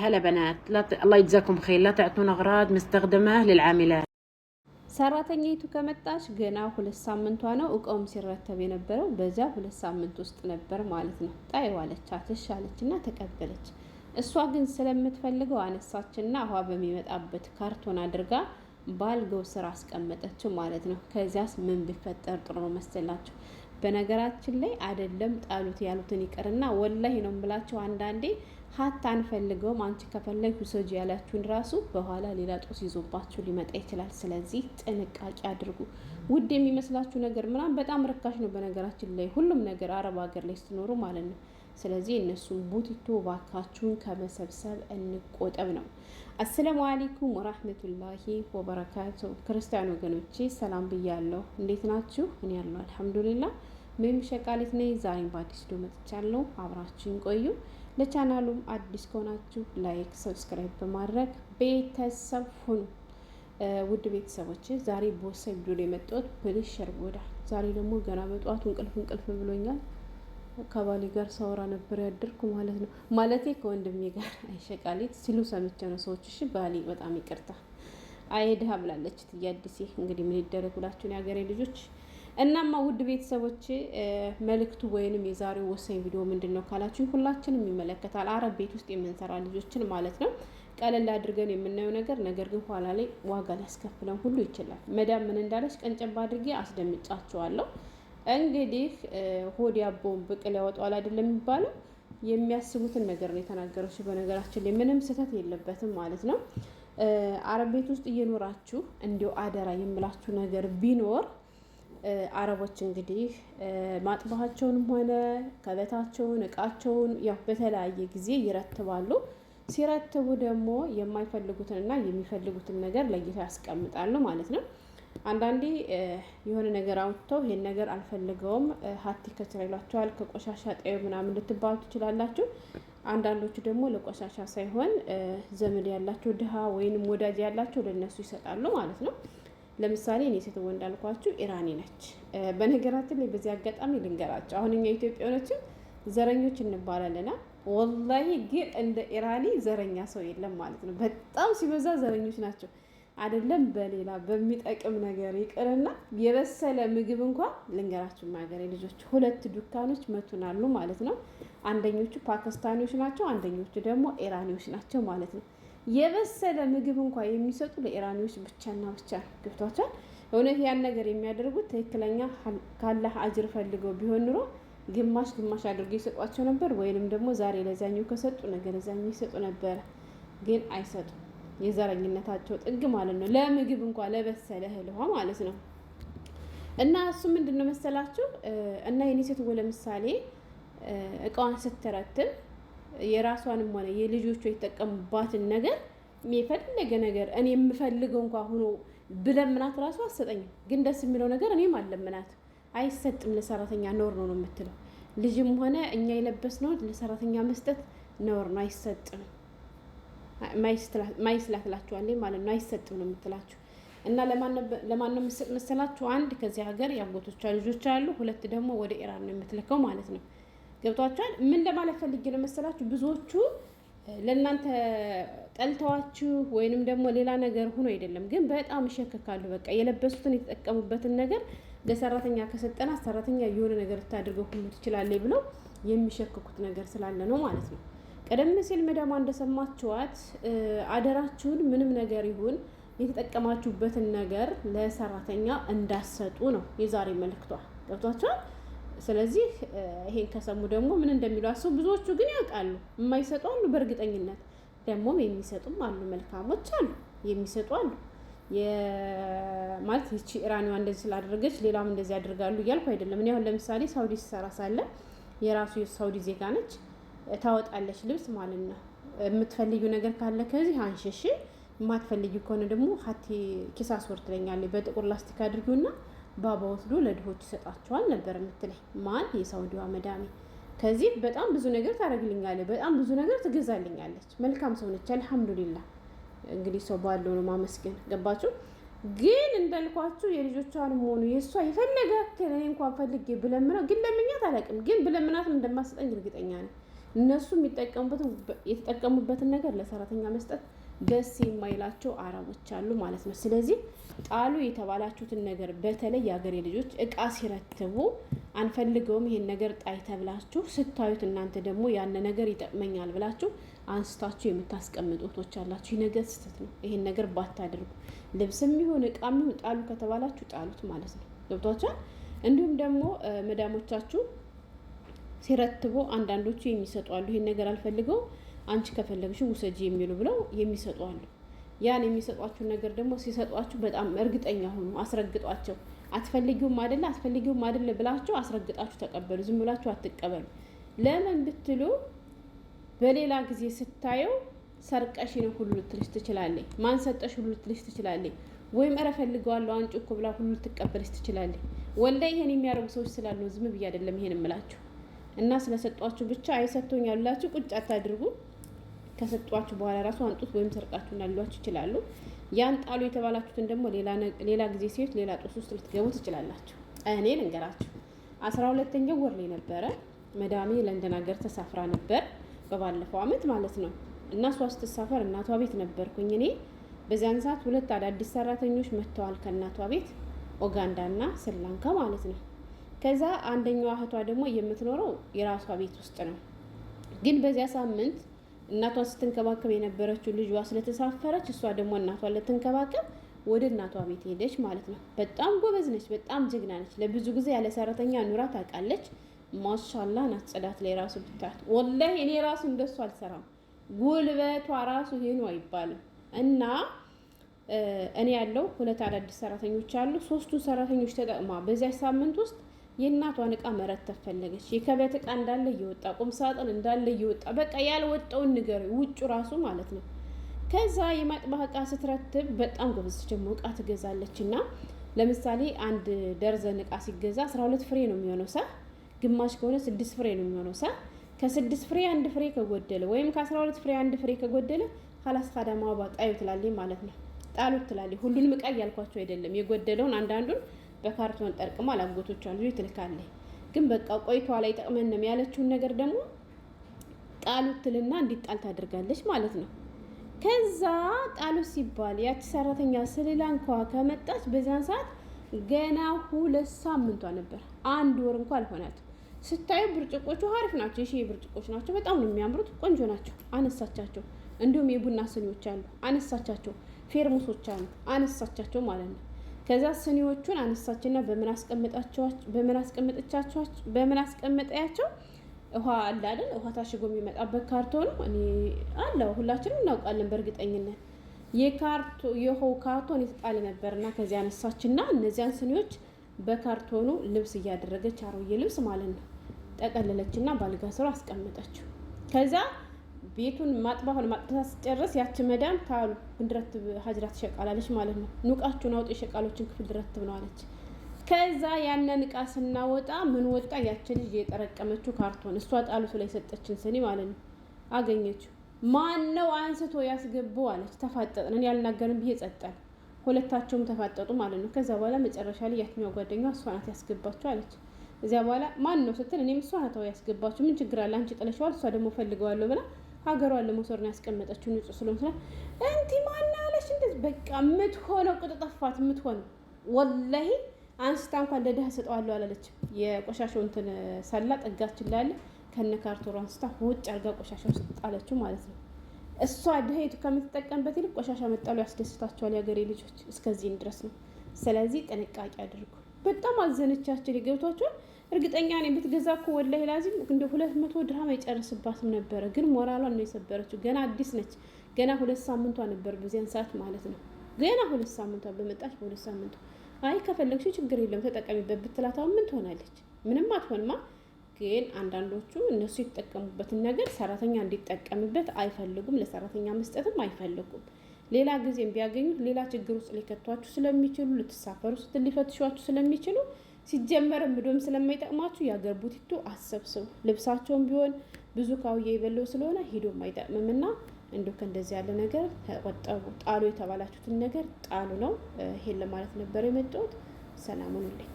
هلا بنات لا ت... الله يجزاكم خير لا تعطون اغراض مستخدمه للعاملات ሰራተኛይቱ ከመጣች ገና ሁለት ሳምንቷ ነው። እቃውም ሲረተብ የነበረው በዛ ሁለት ሳምንት ውስጥ ነበር ማለት ነው። ጣይ ዋለቻት፣ እሺ ተቀበለች። እሷ ግን ስለምትፈልገው አነሳችና ውሃ በሚመጣበት ካርቶን አድርጋ ባልገው ስራ አስቀመጠችው ማለት ነው። ከዚያስ ምን ቢፈጠር ጥሩ ነው መሰላችሁ? በነገራችን ላይ አይደለም ጣሉት ያሉትን ይቅርና ወላሂ ነው ብላችሁ አንዳንዴ ሀታ አንፈልገውም አንቺ ከፈለግ ሰጅ ያላችሁን ራሱ በኋላ ሌላ ጦስ ይዞባችሁ ሊመጣ ይችላል። ስለዚህ ጥንቃቄ አድርጉ። ውድ የሚመስላችሁ ነገር ምናምን በጣም ርካሽ ነው በነገራችን ላይ ሁሉም ነገር አረብ ሀገር ላይ ስትኖሩ ማለት ነው። ስለዚህ እነሱን ቡቲቶ ባካችሁን ከመሰብሰብ እንቆጠብ ነው። አሰላሙ አሌይኩም ወራህመቱላሂ ወበረካቱ። ክርስቲያን ወገኖቼ ሰላም ብያለሁ። እንዴት ናችሁ? እኔ ያለው አልሐምዱሊላ። ምንም ሸቃሊት ነኝ። ዛሬም በአዲስ ዶ መጥቻለሁ። አብራችሁን ቆዩ። ለቻናሉም አዲስ ከሆናችሁ ላይክ፣ ሰብስክራይብ በማድረግ ቤተሰብ ሁኑ። ውድ ቤተሰቦች ዛሬ በወሳኝ ቪዲዮ ላይ የመጣሁት ብልሽ ሸርቦዳ። ዛሬ ደግሞ ገና በጠዋቱ እንቅልፍ እንቅልፍ ብሎኛል። ከባሌ ጋር ሳወራ ነበር ያደርኩ ማለት ነው። ማለቴ ከወንድሜ ጋር አይሸቃሌት ሲሉ ሰምቼ ነው ሰዎች። እሺ ባሌ በጣም ይቅርታ አይድሃ ብላለች ትያድሴ። እንግዲህ ምን ይደረግ ብላችሁን የሀገሬ ልጆች እናማ ውድ ቤተሰቦች መልእክቱ ወይንም የዛሬው ወሳኝ ቪዲዮ ምንድን ነው ካላችሁ ሁላችንም ይመለከታል። አረብ ቤት ውስጥ የምንሰራ ልጆችን ማለት ነው። ቀለል አድርገን የምናየው ነገር ነገር ግን ኋላ ላይ ዋጋ ሊያስከፍለን ሁሉ ይችላል። መዳም ምን እንዳለች ቀንጨባ አድርጌ አስደምጫቸዋለሁ። እንግዲህ ሆድ ያቦውን ብቅል ያወጣዋል አይደለም የሚባለው። የሚያስቡትን ነገር ነው የተናገረችው። በነገራችን ላይ ምንም ስህተት የለበትም ማለት ነው። አረብ ቤት ውስጥ እየኖራችሁ እንዲው አደራ የምላችሁ ነገር ቢኖር አረቦች እንግዲህ ማጥባቸውንም ሆነ ከበታቸውን እቃቸውን ያው በተለያየ ጊዜ ይረትባሉ። ሲረትቡ ደግሞ የማይፈልጉትንና የሚፈልጉትን ነገር ለይተው ያስቀምጣሉ ማለት ነው። አንዳንዴ የሆነ ነገር አውጥተው ይሄን ነገር አልፈልገውም ሀቲ ከስራ ይሏቸዋል። ከቆሻሻ ጠዩ ምናምን ልትባሉ ትችላላችሁ። አንዳንዶቹ ደግሞ ለቆሻሻ ሳይሆን ዘመድ ያላቸው ድሃ ወይንም ወዳጅ ያላቸው ለነሱ ይሰጣሉ ማለት ነው። ለምሳሌ እኔ ሴት ወንድ አልኳችሁ ኢራኒ ነች። በነገራችን ላይ በዚህ አጋጣሚ ልንገራቸው፣ አሁን እኛ ኢትዮጵያኖችን ዘረኞች እንባላለና ወላሂ ግን እንደ ኢራኒ ዘረኛ ሰው የለም ማለት ነው። በጣም ሲበዛ ዘረኞች ናቸው። አይደለም በሌላ በሚጠቅም ነገር ይቅርና የበሰለ ምግብ እንኳን ልንገራችሁ፣ ሀገሬ ልጆች ሁለት ዱካኖች መቱን አሉ ማለት ነው። አንደኞቹ ፓኪስታኒዎች ናቸው፣ አንደኞቹ ደግሞ ኢራኒዎች ናቸው ማለት ነው። የበሰለ ምግብ እንኳ የሚሰጡ ለኢራኒዎች ብቻና ብቻ ገብቷቸዋል። እውነት ያን ነገር የሚያደርጉት ትክክለኛ ካላህ አጅር ፈልገው ቢሆን ኑሮ ግማሽ ግማሽ አድርገው ይሰጧቸው ነበር፣ ወይንም ደግሞ ዛሬ ለዛኛው ከሰጡ ነገ ለዛኛው ይሰጡ ነበረ። ግን አይሰጡም። የዘረኝነታቸው ጥግ ማለት ነው። ለምግብ እንኳ ለበሰለ እህል ውሃ ማለት ነው። እና እሱ ምንድን ነው መሰላችሁ እና የኔ ሴትዮ ለምሳሌ እቃዋን ስትረትም የራሷንም ሆነ የልጆቿ የተጠቀሙባትን ነገር የፈለገ ነገር እኔ የምፈልገው እንኳ ሆኖ ብለምናት ራሱ አሰጠኝም። ግን ደስ የሚለው ነገር እኔም አለምናት አይሰጥም። ለሰራተኛ ነውር ነው ነው የምትለው ልጅም ሆነ እኛ የለበስ ነው ለሰራተኛ መስጠት ነውር ነው፣ አይሰጥም። ማይስላትላችኋል ማለት ነው፣ አይሰጥም ነው የምትላችሁ። እና ለማን ነው የምትሰጥ መሰላችሁ? አንድ ከዚህ ሀገር የአጎቶቿ ልጆች አሉ፣ ሁለት ደግሞ ወደ ኢራን ነው የምትልከው ማለት ነው። ገብቷቸዋል። ምን ለማለት ፈልጌ ነው መሰላችሁ? ብዙዎቹ ለእናንተ ጠልተዋችሁ ወይንም ደግሞ ሌላ ነገር ሆኖ አይደለም፣ ግን በጣም ይሸከካሉ። በቃ የለበሱትን የተጠቀሙበትን ነገር ለሰራተኛ ከሰጠና ሰራተኛ የሆነ ነገር ልታደርገው ሁሉ ትችላለች ብለው የሚሸክኩት ነገር ስላለ ነው ማለት ነው። ቀደም ሲል መዳማ እንደሰማችኋት አደራችሁን፣ ምንም ነገር ይሁን የተጠቀማችሁበትን ነገር ለሰራተኛ እንዳሰጡ ነው የዛሬ መልክቷ። ገብቷችኋል። ስለዚህ ይሄን ከሰሙ ደግሞ ምን እንደሚሉ አስቡ። ብዙዎቹ ግን ያውቃሉ፣ የማይሰጡ አሉ። በእርግጠኝነት ደግሞም የሚሰጡም አሉ፣ መልካሞች አሉ፣ የሚሰጡ አሉ። ማለት ይቺ ኢራኒዋ እንደዚህ ስላደረገች ሌላም እንደዚህ ያደርጋሉ እያልኩ አይደለም። እኔ አሁን ለምሳሌ ሳውዲ ሲሰራ ሳለ የራሱ የሳውዲ ዜጋ ነች፣ ታወጣለች ልብስ ማለት ነው። የምትፈልዩ ነገር ካለ ከዚህ አንሸሽ፣ የማትፈልጊው ከሆነ ደግሞ ሀቲ ኪሳስ ወር ትለኛለች። በጥቁር ላስቲክ አድርጊውና ባባ ወስዶ ለድሆች ይሰጣቸዋል ነበር የምትለኝ። ማን የሳውዲዋ መዳሜ። ከዚህ በጣም ብዙ ነገር ታደርግልኛለች፣ በጣም ብዙ ነገር ትገዛልኛለች። መልካም ሰው ነች። አልሐምዱሊላ። እንግዲህ ሰው ባለው ነው ማመስገን። ገባችሁ? ግን እንዳልኳችሁ የልጆቿንም ሆኑ የእሷ የፈለገ ከእኔ እንኳን ፈልጌ ብለምነው ግን ለምኛት አላውቅም፣ ግን ብለምናትም እንደማሰጠኝ እርግጠኛ ነኝ። እነሱ የሚጠቀሙበትን የተጠቀሙበትን ነገር ለሰራተኛ መስጠት ደስ የማይላቸው አረቦች አሉ ማለት ነው። ስለዚህ ጣሉ የተባላችሁትን ነገር በተለይ የአገሬ ልጆች እቃ ሲረትቡ አንፈልገውም ይሄን ነገር ጣይ ተብላችሁ ስታዩት እናንተ ደግሞ ያን ነገር ይጠቅመኛል ብላችሁ አንስታችሁ የምታስቀምጡ እህቶች አላችሁ። ይህ ነገር ስህተት ነው። ይሄን ነገር ባታደርጉ ልብስም ይሁን እቃም ይሁን ጣሉ ከተባላችሁ ጣሉት ማለት ነው። ገብቷችኋል? እንዲሁም ደግሞ መዳሞቻችሁ ሲረትቡ አንዳንዶቹ የሚሰጡ አሉ። ይሄን ነገር አልፈልገውም አንቺ ከፈለግሽ ውሰጂ የሚሉ ብለው የሚሰጡ አሉ። ያን የሚሰጧችሁን ነገር ደግሞ ሲሰጧችሁ በጣም እርግጠኛ ሆኑ፣ አስረግጧቸው። አትፈልጊውም አይደለ አትፈልጊውም አይደለ ብላችሁ አስረግጣችሁ ተቀበሉ። ዝም ብላችሁ አትቀበሉ። ለምን ብትሉ በሌላ ጊዜ ስታየው ሰርቀሽ ነው ሁሉ ልትልሽ ትችላለች። ማን ሰጠሽ ሁሉ ልትልሽ ትችላለች። ወይም እረ ፈልገዋለሁ አንጭ እኮ ብላ ሁሉ ልትቀበልሽ ትችላለች። ወላሂ ይሄን የሚያደርጉ ሰዎች ስላሉ ዝም ብዬ አይደለም ይሄን እምላችሁ እና ስለሰጧችሁ ብቻ አይሰጥቶኛል ብላችሁ ቁጭ አታድርጉ። ከሰጧችሁ በኋላ ራሱ አንጡት ወይም ሰርቃችሁና ሊሏችሁ ይችላሉ። ያን ጣሉ የተባላችሁትን ደግሞ ሌላ ጊዜ ሴት ሌላ ጦስ ውስጥ ልትገቡ ትችላላችሁ። እኔ ልንገራችሁ፣ አስራ ሁለተኛው ወር ላይ ነበረ መዳሜ ለንደን ሀገር ተሳፍራ ነበር በባለፈው አመት ማለት ነው። እና እሷ ስትሳፈር እናቷ ቤት ነበርኩኝ እኔ። በዚያን ሰዓት ሁለት አዳዲስ ሰራተኞች መጥተዋል ከእናቷ ቤት ኦጋንዳና ስሪላንካ ማለት ነው። ከዛ አንደኛዋ እህቷ ደግሞ የምትኖረው የራሷ ቤት ውስጥ ነው። ግን በዚያ ሳምንት እናቷን ስትንከባከብ የነበረችው ልጇ ስለተሳፈረች እሷ ደግሞ እናቷን ልትንከባከብ ወደ እናቷ ቤት ሄደች ማለት ነው። በጣም ጎበዝ ነች፣ በጣም ጀግና ነች። ለብዙ ጊዜ ያለ ሰራተኛ ኑራ ታውቃለች። ማሻላ ናት። ጽዳት ላይ ራሱ ብታት ወላሂ እኔ ራሱ እንደሱ አልሰራም። ጉልበቷ ራሱ ይሄ አይባልም። እና እኔ ያለው ሁለት አዳዲስ ሰራተኞች አሉ። ሶስቱ ሰራተኞች ተጠቅማ በዚያ ሳምንት ውስጥ የእናቷን እቃ መረት ተፈለገች። የከቤት እቃ እንዳለ እየወጣ ቁም ሳጥን እንዳለ እየወጣ በቃ ያልወጣውን ነገር ውጩ ራሱ ማለት ነው። ከዛ የማጥባህ እቃ ስትረትብ በጣም ጎበዝ ደግሞ እቃ ትገዛለች እና ለምሳሌ አንድ ደርዘን እቃ ሲገዛ አስራ ሁለት ፍሬ ነው የሚሆነው ሰ ግማሽ ከሆነ ስድስት ፍሬ ነው የሚሆነው ሰ ከስድስት ፍሬ አንድ ፍሬ ከጎደለ ወይም ከአስራ ሁለት ፍሬ አንድ ፍሬ ከጎደለ ካላስ ካዳማ ጣዩ ትላለች ማለት ነው። ጣሉት ትላለች። ሁሉንም እቃ እያልኳቸው አይደለም የጎደለውን አንዳንዱን በካርቶን ጠርቅማ ላጎቶቿ ልጆች ትልካለች። ግን በቃ ቆይቷ ላይ ጠቅመን ነው ያለችውን ነገር ደግሞ ጣሉት ትልና እንዲጣል ታደርጋለች ማለት ነው። ከዛ ጣሉት ሲባል ያቺ ሰራተኛ ስሪላንካ ከመጣች በዚያን ሰዓት ገና ሁለት ሳምንቷ ነበር። አንድ ወር እንኳ አልሆናት። ስታዩ ብርጭቆቹ አሪፍ ናቸው። የሺ ብርጭቆች ናቸው። በጣም ነው የሚያምሩት። ቆንጆ ናቸው። አነሳቻቸው። እንዲሁም የቡና ስኒዎች አሉ፣ አነሳቻቸው። ፌርሙሶች አሉ፣ አነሳቻቸው ማለት ነው። ከዛ ስኒዎቹን አነሳችና በምን አስቀምጠቻቸው በምን አስቀምጠያቸው ውሃ አለ አይደል? ውሃ ታሽጎ የሚመጣበት ካርቶኑ እኔ አለ ሁላችንም እናውቃለን በእርግጠኝነት የካርቶ የውሃው ካርቶን የተጣለ ነበር እና ከዚያ አነሳችና እነዚያን ስኒዎች በካርቶኑ ልብስ እያደረገች አሮዬ ልብስ ማለት ነው ጠቀለለችና በአልጋ ስር አስቀመጠችው። ከዛ ቤቱን ማጥባሁን ማጥታ ስጨርስ ያች መዳም ታሉ እንድረትብ ሀጅራት ትሸቃላለች ማለት ነው። ኑቃችሁን አውጡ የሸቃሎችን ክፍል ድረትብ ነው አለች። ከዛ ያንን እቃ ስናወጣ ምን ወጣ? ያችን ልጅ የጠረቀመችው ካርቶን እሷ ጣሉቱ ላይ ሰጠችን ስኒ ማለት ነው። አገኘችው። ማን ነው አንስቶ ያስገባው አለች። ተፋጠጥንን ያልናገርን ብዬ ጸጣል። ሁለታቸውም ተፋጠጡ ማለት ነው። ከዛ በኋላ መጨረሻ ላይ ያትኛው ጓደኛ እሷ ናት ያስገባችው አለች። እዚያ በኋላ ማን ነው ስትል እኔም እሷ ናት ያስገባችው። ምን ችግር አለ አንቺ ጥለሽዋል፣ እሷ ደግሞ ፈልገዋለሁ ብላ ሀገሯን ለመውሰድ ነው ያስቀመጠችው። ንጹህ ስለሆነ ስላ እንቲ ማና አለች እንደዚህ በቃ የምትሆነው ቁጥ ጠፋት የምትሆነው ወላሂ አንስታ እንኳን ለድሀ ሰጠዋለሁ አላለች። የቆሻሻው እንትን ሰላ ጠጋችን ላለ ከነ ካርቶሮ አንስታ ውጭ አድርጋ ቆሻሻው ስጣለችው ማለት ነው። እሷ ድሀይቱ ከምትጠቀምበት ይልቅ ቆሻሻ መጣሉ ያስደስታቸዋል የሀገሬ ልጆች። እስከዚህም ድረስ ነው። ስለዚህ ጥንቃቄ አድርጉ። በጣም አዘነቻችን የገብቷቸውን እርግጠኛ ነኝ ብትገዛ እኮ ወላሂ ላዚም እንደ ሁለት መቶ ድራም ይጨርስባትም ነበረ። ግን ሞራሏን ነው የሰበረችው። ገና አዲስ ነች። ገና ሁለት ሳምንቷ ነበር በዚያን ሰዓት ማለት ነው። ገና ሁለት ሳምንቷ በመጣች በሁለት ሳምንቷ አይ ከፈለግሽ ችግር የለም ተጠቀሚበት ብትላታው ምን ትሆናለች? ምንም አትሆንማ። ግን አንዳንዶቹ እነሱ የተጠቀሙበትን ነገር ሰራተኛ እንዲጠቀምበት አይፈልጉም። ለሰራተኛ መስጠትም አይፈልጉም። ሌላ ጊዜም ቢያገኙት ሌላ ችግር ውስጥ ሊከቷችሁ ስለሚችሉ ልትሳፈሩ ስትል ሊፈትሿችሁ ስለሚችሉ ሲጀመር ምዶም ስለማይጠቅማችሁ የአገር ቡቲቱ አሰብስቡ። ልብሳቸውን ቢሆን ብዙ ካውዬ የበለው ስለሆነ ሂዶም አይጠቅምም እና እንዲሁ ከእንደዚህ ያለ ነገር ተቆጠቡ። ጣሉ የተባላችሁትን ነገር ጣሉ ነው። ይሄን ለማለት ነበር የመጣሁት። ሰላሙን ልኝ